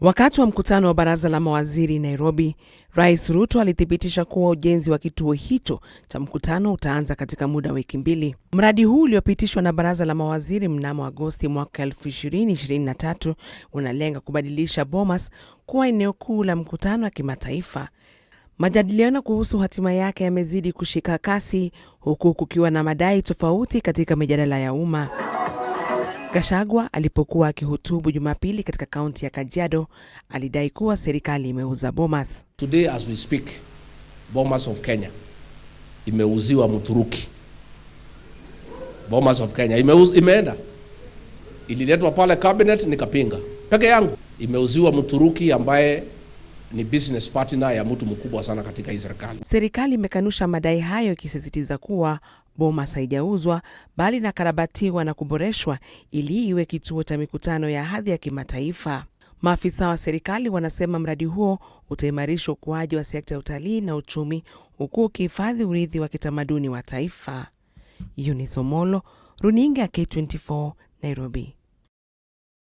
Wakati wa mkutano wa baraza la mawaziri Nairobi, Rais Ruto alithibitisha kuwa ujenzi wa kituo hicho cha mkutano utaanza katika muda wa wiki mbili. Mradi huu uliopitishwa na baraza la mawaziri mnamo Agosti mwaka tatu unalenga kubadilisha Bomas kuwa eneo kuu la mkutano wa kimataifa. Majadiliano kuhusu hatima yake yamezidi kushika kasi, huku kukiwa na madai tofauti katika mijadala ya umma. Gashagwa alipokuwa akihutubu Jumapili katika kaunti ya Kajiado alidai kuwa serikali imeuza Bomas. Today as we speak, Bomas of Kenya imeuziwa Mturuki. Bomas of Kenya imeuz, imeenda ililetwa pale cabinet nikapinga peke yangu, imeuziwa Mturuki ambaye ni business partner ya mtu mkubwa sana katika hii serikali. Serikali imekanusha madai hayo ikisisitiza kuwa Bomas haijauzwa bali inakarabatiwa na kuboreshwa ili iwe kituo cha mikutano ya hadhi ya kimataifa. Maafisa wa serikali wanasema mradi huo utaimarisha ukuaji wa sekta ya utalii na uchumi huku ukihifadhi urithi wa kitamaduni wa taifa. yunisomolo runinga K24, Nairobi.